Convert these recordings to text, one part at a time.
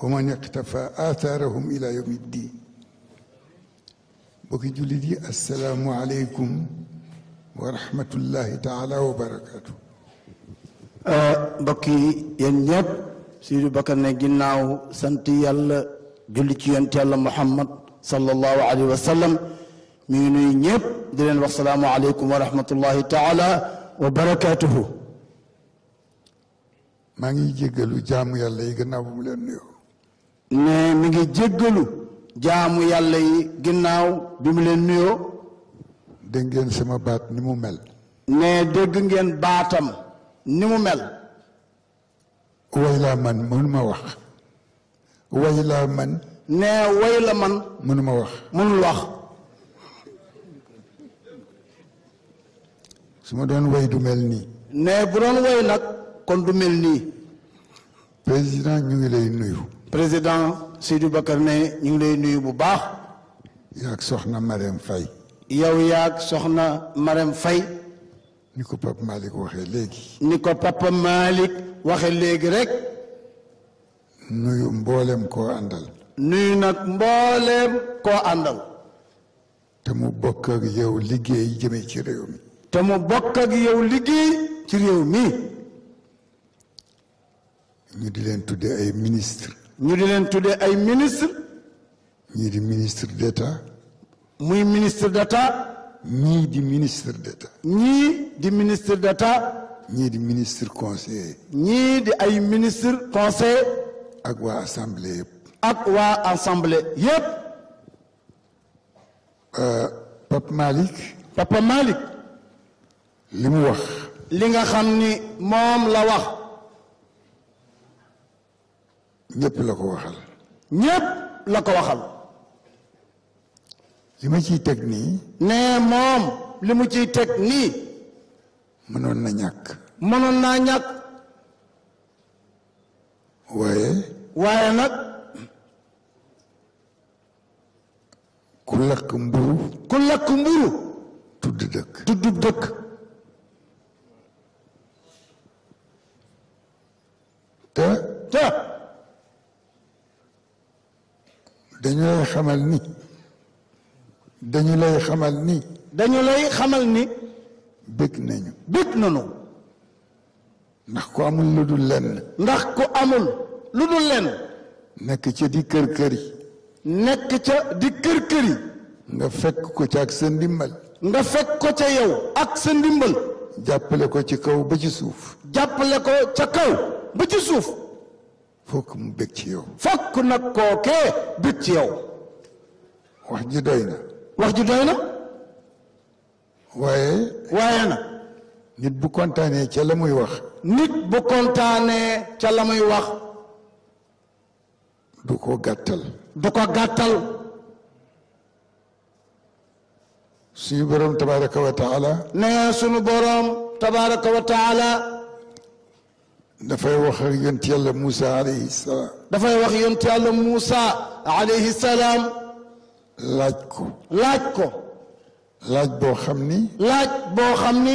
waman iqtafa athaarahum ila yawmi ddin bokki jullit yi asalaamu aleykum wa rahmatullahi taala wa barakaatu mbokk yi yéen ñëpp Sidi Bakar ne ginnaaw sant yàlla julli ci yonent yàlla Muhammad sallallahu alayhi wa sallam mi ngi nuyu ñëpp di leen wax salaamu aleykum wa rahmatullahi taala wa barakaatuhu maa ngi jéggalu jaamu yàlla yi gannaaw bu mu leen nuyoo ne mi ngi jéggalu jaamu yàlla yi ginnaaw bi mu leen nuyoo dégg ngeen sama baat ni mu mel ne dégg ngeen baatam ni mu mel waylaa man mënuma wax waylaa man ne man mënuma wax mënul wax su ma doon way du mel nii ne bu doon way nag kon du mel nii président ñu ngi lay nuyu président Seydou Bakar ne ñu ngi lay nuyu bu baax. yaag soxna Marème Faye. yow soxna Marème Faye. ni ko Pape Malick waxee léegi. ni ko Pape Malick waxe léegi rek. nuyu mboolem koo àndal. nuyu nag mboolem koo àndal. te mu bokk ak liggéey jëmee ci réew mi. te mu bokk ak liggéey ci réew mi. ñu di leen tudde ay ministre ñu di leen tuddee ay ministre ñii di ministre d'État muy ministre d'État ñii di ministre d'État ñii di ministre d'État ñii di ministre conseiller ñii di ay ministre conseil ak waa assemblée yëpp ak waa assemblée yëpp euh, Pape Malick Papa Malick li mu wax li nga xam ni moom la wax ñëpp la ko waxal ñëpp la ko waxal li ma ciy teg nii nee moom li mu ciy teg nii mënoon na ñàkk mënoon naa ñàkk waaye waaye nag ku lakk mburu ku lakk mburu tudd dëkk tudd dëkk te te dañu lay xamal ni dañu lay xamal ni dañu lay xamal ni bëgg nañu bëgg nañu ndax ko amul lu dul lenn ndax ko amul lu dul lenn nekk ca di kër kër yi nekk ca di kër kër yi nga fekk ko ca ak sa ndimbal nga fekk ko ca yow ak sa ndimbal jàppale ko ci kaw ba ci suuf jàppale ko ca kaw ba ci suuf fokk mu bëgg ci yow. fokk nag kookee bëgg ci yow. wax ji doy na. wax ji doy na. waaye. waaye na. nit bu kontaanee ca la muy wax. nit bu kontaanee ca la muy wax. du ko gàttal. du ko gàttal. suñu borom tabaaraka wa taala. nee suñu borom tabaaraka wa taala. dafay wax ak yàlla Moussa alayhi salaam. dafay wax yonent yàlla Moussa alayhi salaam. laaj ko. laaj ko. laaj boo xam ni. laaj boo xam ni.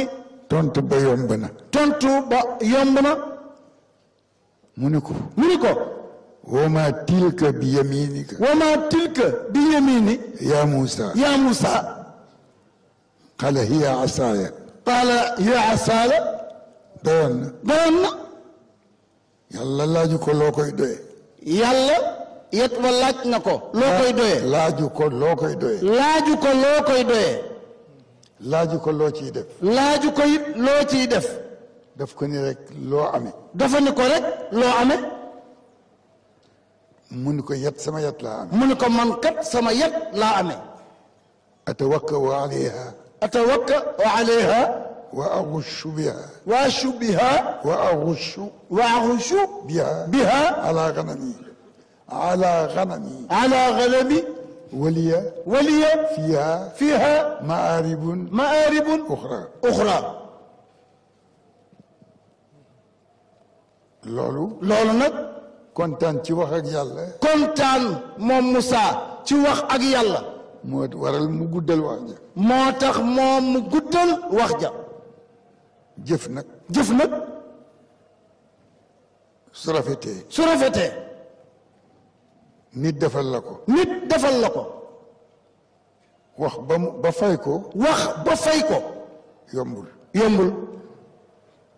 tontu ba yomb na. tontu ba yomb na. mu ni ko. mu ni ko. wama tilka bi yaminika. wama bi yamini. yaa Moussa. yaa Moussa. qala hiya asaaya. qala hiya asaaya. doyoon yàlla laaju ko loo koy doye yàlla yet wa laaj na ko loo koy doye laaju ko loo koy doye laaju ko loo koy doye laaju ko loo ciy def laaju ko it loo ciy def daf ko ni rek loo ame dafa ni ko rek loo amee mu ni ko yet sama yet laa amee mu ni ko man kat sama yet laa amee atawakka wa wa aleyha وأغش بها وأغش بها وأغش وأغش بها بها على غنمي على غنمي على غنمي ولي ولي فيها فيها مآرب مآرب أخرى أخرى loolu. loolu nag. kontaan ci wax ak yàlla. kontaan moom Moussa. ci wax ak yàlla. moo waral mu guddal wax ja. moo tax moom mu guddal wax ja. jëf nag jëf nag su rafetee su rafetee nit defal la ko nit defal la ko wax ba mu ko wax ba fay ko yombul yombul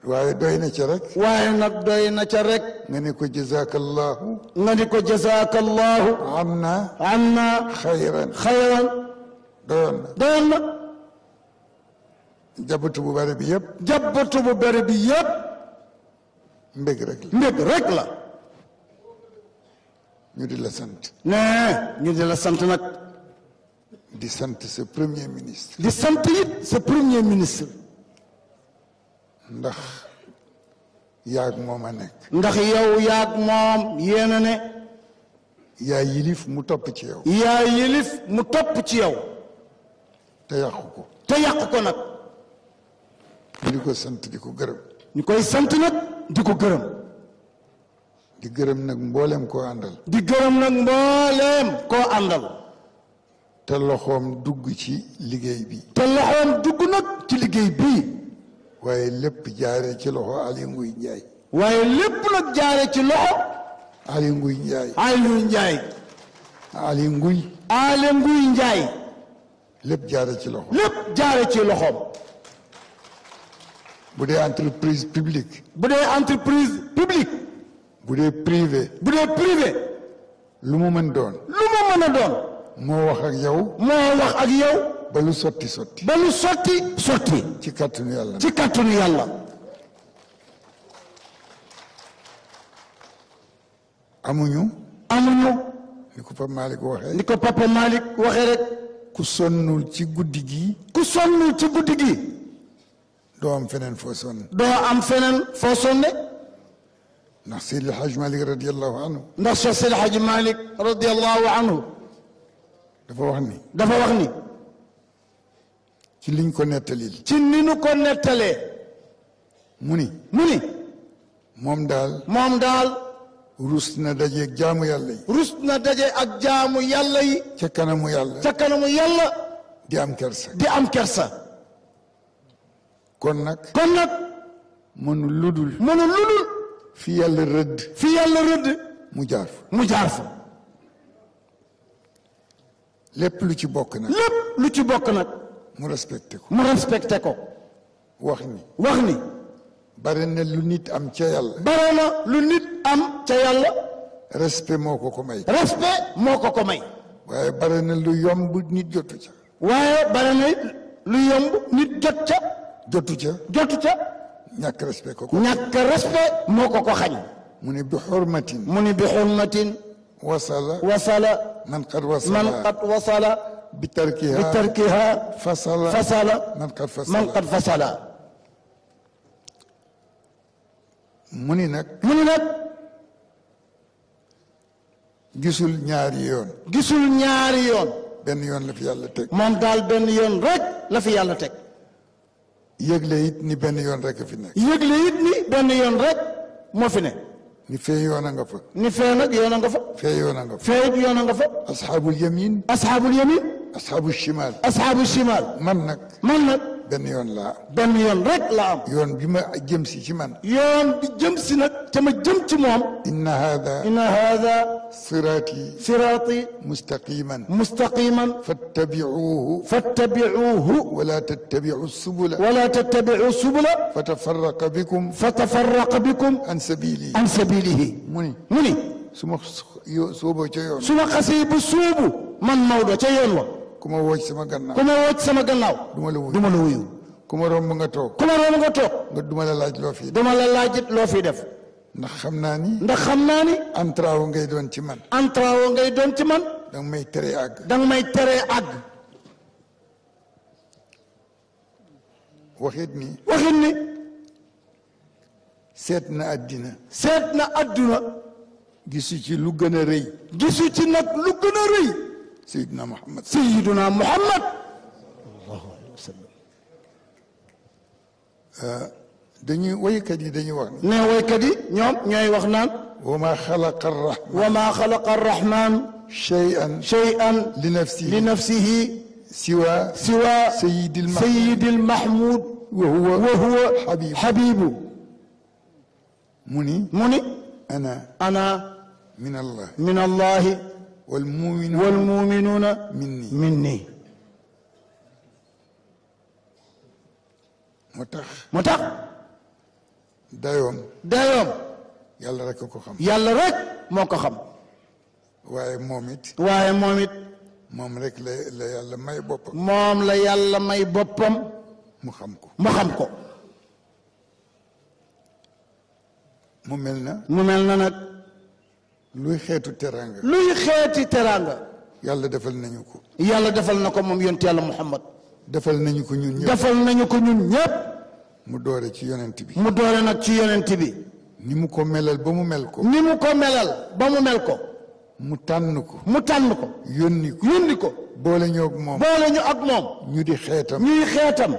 waaye doy na ca rek waaye nag doy na ca rek nga ni ko jazakallahu nga ni ko jazakallahu am na am na xayran xayran njabootu bu bari bi yëpp. njabootu bu bari bi yëpp. mbég rek la mbég rek la. ñu di la sant. nee ñu di la sant nag. di sant sa premier ministre. di sant it sa premier ministre. ndax yaag moom a nekk. ndax yow yaag moom yéen ne. yaa yilif mu topp ci yow. yaa yilif mu topp ci yow. te yàqu ko. te yàqu ko nag. ñu di ko sant di ko gërëm. ñu koy sant nag di ko gërëm. di gërëm nag mbooleem koo àndal. di gërëm nag mbooleem koo àndal. te loxoom dugg ci liggéey bi. te loxoom dugg nag ci liggéey bi. waaye lépp jaare ci loxo Aly Ngouille Ndiaye. waaye lépp nag jaare ci loxo. Aly lépp jaare ci loxo. lépp jaare ci loxoom. bu dee entreprise publique. bu dee entreprise publique. bu dee privé. bu dee privé. lu mu mën doon. lu mu mën a doon. moo wax ak yow. moo wax ak yow. ba lu sotti sotti. ba lu sotti. sotti. ci kàttanu yàlla. ci kàttanu yàlla. amuñu. amuñu. ni ko Papa Malick waxee. ni ko Papa Malick waxee rek. ku sonnul ci guddi gi. ku sonnul ci guddi gi. doo am feneen foo sonne. doo am feneen foo sonne. ndax Seydi El Hadj Malick radiyallahu anhu. ndax Seydi El Hadj Malick radiyallahu anhu. dafa liñ ko nettalil. ci ni nettalee. mu ni. moom daal. moom daal. rus na daje ak jaamu yàlla yi. na daje ak jaam yàlla yi. ca kanamu yàlla. ca kanamu yàlla. di am kersa. di am kersa. kon nag kon nag mënu ludul mënu ludul fi yàlla rëdd fi yàlla rëdd mu jaar fa mu jaar fa lépp lu ci bokk nag lu ci bokk nag mu respecté ko mu respecté ko wax ni wax ni bare na lu nit am ca yàlla bare na lu nit am ca yàlla respect moo ko ko may respect moo ko ko may waaye bare na lu yomb nit jotu ca waaye bare na lu yomb nit jot ca jotu ca. jotu ca. ñàkk respect ko ko. ñàkk respect moo ko ko xañ. mu ni bi xurmatin. mu ni bi xurmatin. wasala. man qad wasala. man qad wasala. bi tarkiha bi tarkiha. fasala fasala. man qad fasala man qad fasala. mu ni nag. mu ni nag. gisul ñaari yoon. gisul ñaari yoon. benn yoon la fi yàlla teg. yàlla teg. yëgle it ni benn yoon rek fi nekk. yëgle it ni benn yoon rek moo fi ne. ni fee yoon a nga fa. ni fee nag yoon a nga fa. fee yoon a nga fa. fee it yoon a nga fa. asxaabul yamin. asxaabul yamin. asxaabu shimaal. asxaabu shimaal. man nag. man nag. benn yoon laa. benn yoon rek laa am. yoon bi ma jëm si ci man. yoon bi jëm si nag. te ma jëm ci moom. inna haada. inna haada. siraati. siraati. mustaqiman. mustaqiman. fattabicuuhu. fattabicuuhu. wala tattabicu subula. wala tattabicu subula. fatafarraqa bikum. fatafarraqa bikum. an sabiilihi. an sabiilihi. mu ni. mu ni. su ma sooboo ca yoon. su ma xasee bu suubu. man Maodo ca yoon wa. ku ma woo ci sama gannaaw ku sama gannaaw. du ma la wuyu du ma romb nga toog. ku ma romb nga toog. nga du ma la laaj loo fiy. def. ndax xam naa ni. ndax xam naa ni. entrave ngay doon ci man. entrave ngay doon ci man. danga may teree àgg. danga may teree àgg. waxit ni. waxit ni. seet na addina. seet na adduna. gisu ci lu gën a rëy. gisu ci nag lu gën rëy. Seydina Muhammad Seydina Muhammad sallallahu alayhi wa sallam euh, dañuy waykat yi dañuy wax ne waykat yi ñoom ñooy wax naan wa ma xalaqa arrahman wa ma xalaqa arrahman shay'an shay'an li nafsihi li nafsihi siwa siwa sayyidil mahmud sayyidil mahmud wa huwa wa huwa habibu habibu mu ni mu ni ana ana min allah min allah walmuminuuna minni moo tax moo tax dayoom dayoom yàlla rek ko xam yàlla rek moo ko xam waaye moom waaye moom it moom rek la la yàlla may boppam moom la yàlla may boppam mu xam ko mu xam ko mu mel na mu mel na nag luy xeetu teraanga. luy xeeti teraanga. yàlla defal nañu ko. yàlla defal na ko moom yonent yàlla Muhammad. defal nañu ko ñun ñëpp. defal nañu ko ñun ñëpp. mu doore ci yonent bi. mu doore nag ci yonent bi. ni mu ko melal ba mu mel ko. ni mu ko melal ba mu mel ko. mu tànn ko. mu tànn ko. yónni ko yónni ko. boole ñoo ak moom. boole ñu ak moom. ñu di xeetam ñuy xeetam.